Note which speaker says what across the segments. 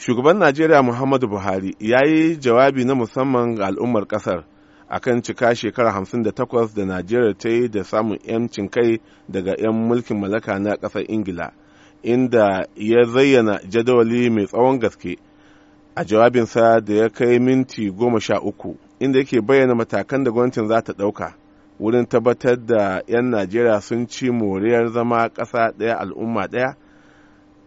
Speaker 1: shugaban najeriya muhammadu buhari ya yi jawabi na musamman ga al'ummar kasar akan cika shekara hamsin da da najeriya ta yi da samun 'yancin kai daga 'yan mulkin mallaka na kasar ingila inda ya zayyana jadawali mai tsawon gaske a jawabinsa da ya kai minti goma sha uku inda yake bayyana matakan da gwamnatin za ta ɗauka wurin tabbatar da 'yan najeriya sun ci moriyar zama ƙasa ɗaya al'umma ɗaya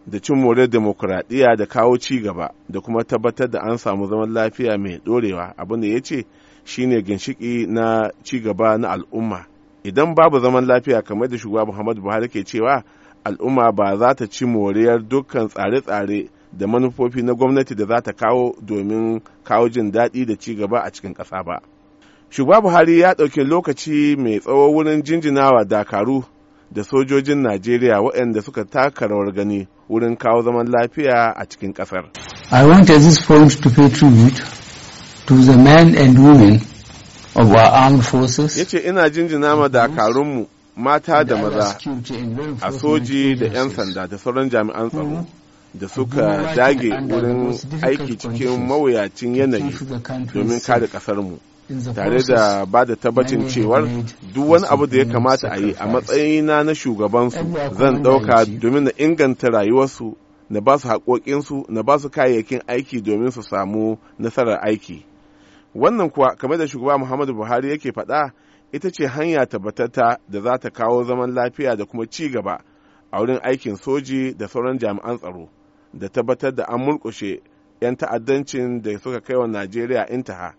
Speaker 1: da cin more demokuraɗiyya da kawo ci gaba da kuma tabbatar da an samu zaman lafiya mai ɗorewa abinda ya ce shine ginshiki na ci gaba na al'umma idan babu zaman lafiya kamar da shugaba muhammadu buhari ke cewa al'umma ba za ta ci moriyar dukkan tsare-tsare da manufofi na gwamnati da za ta kawo domin kawo jin daɗi da ci gaba a cikin ƙasa ba shugaba buhari ya ɗauki lokaci mai tsawo wurin jinjinawa dakaru da sojojin Najeriya waɗanda suka taka rawar gani wurin kawo zaman lafiya a cikin ƙasar. I want at this point to pay tribute to the men and women of our armed forces. Yace ina jinjina ma dakarunmu mata da maza a soji da 'yan sanda da sauran jami'an tsaro. Mm-hmm. da suka dage wurin aiki cikin mawuyacin yanayi domin kare ƙasarmu. tare da ba da tabbacin cewar duk wani abu da ya kamata a yi a matsayina na shugabansu zan ɗauka domin na inganta rayuwarsu na ba su haƙoƙinsu na ba su kayayyakin aiki domin su samu nasarar aiki wannan kuwa kamar da shugaba muhammadu buhari yake faɗa ita ce hanya tabbatata da za ta kawo zaman lafiya da kuma ci gaba a wurin aikin soji da sauran jami'an tsaro da tabbatar da an murƙushe 'yan ta'addancin da suka kai wa najeriya intaha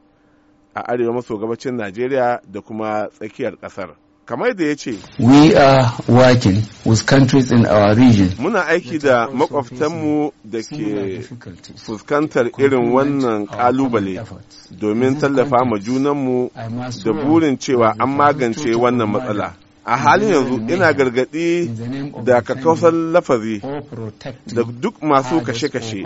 Speaker 1: a arewa maso gabacin Najeriya da kuma tsakiyar ƙasar. kamar da ya ce
Speaker 2: we are
Speaker 1: working with countries in our region muna aiki da makwabtanmu da ke fuskantar irin wannan kalubale domin tallafa ma junanmu da burin cewa an magance wannan matsala a halin yanzu ina gargadi da kakausar lafazi da duk masu kashe-kashe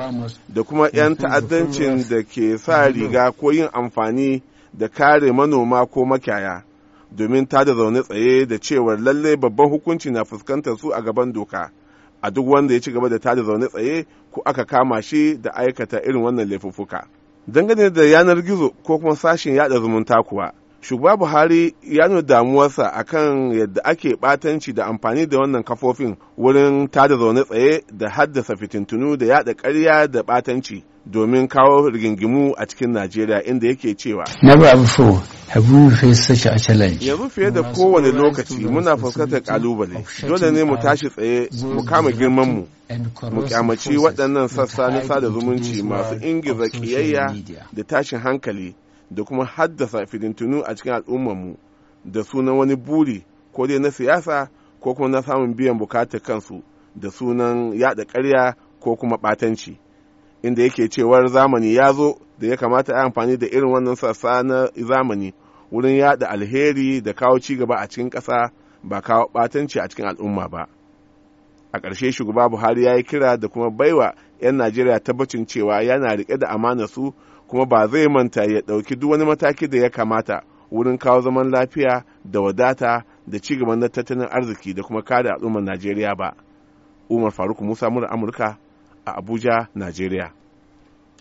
Speaker 1: da kuma 'yan ta'addancin da ke sa riga ko yin amfani da kare manoma ko makyaya domin ta da zaune tsaye da cewar lallai babban hukunci na fuskantar su a gaban doka a duk wanda ya ci gaba da ta da zaune tsaye ko aka kama shi da aikata irin wannan laifuffuka dangane da yanar gizo ko kuma sashen yada zumunta kuwa shugaba buhari ya nuna damuwarsa akan yadda ake batanci da amfani da wannan kafofin wurin ta da zaune tsaye da haddasa fitintunu da yada ƙarya da batanci domin kawo rigingimu a cikin Najeriya inda yake cewa. Never before have we faced such a challenge. Yanzu fiye da kowane lokaci muna fuskantar kalubale. Dole ne mu tashi tsaye mu kama girman mu. Mu kyamaci waɗannan sassa na sada zumunci masu ingiza kiyayya da tashin hankali da kuma haddasa fidintunu a cikin al'ummarmu da sunan wani buri ko dai na siyasa ko kuma na samun biyan bukatar kansu da sunan yada ƙarya ko kuma ɓatanci. inda yake cewar zamani ya zo da ya kamata a amfani da irin wannan sassa na zamani wurin yada alheri da kawo cigaba a cikin ƙasa ba kawo ɓatanci a cikin al'umma ba a ƙarshe shugaba buhari ya yi kira da kuma baiwa 'yan najeriya tabbacin cewa yana riƙe da amana su kuma ba zai manta ya ɗauki duk wani mataki da ya kamata wurin kawo zaman lafiya da wadata da ci gaban tattalin arziki da kuma kare al'ummar najeriya ba umar faruk musa mura amurka a Abuja, Najeriya.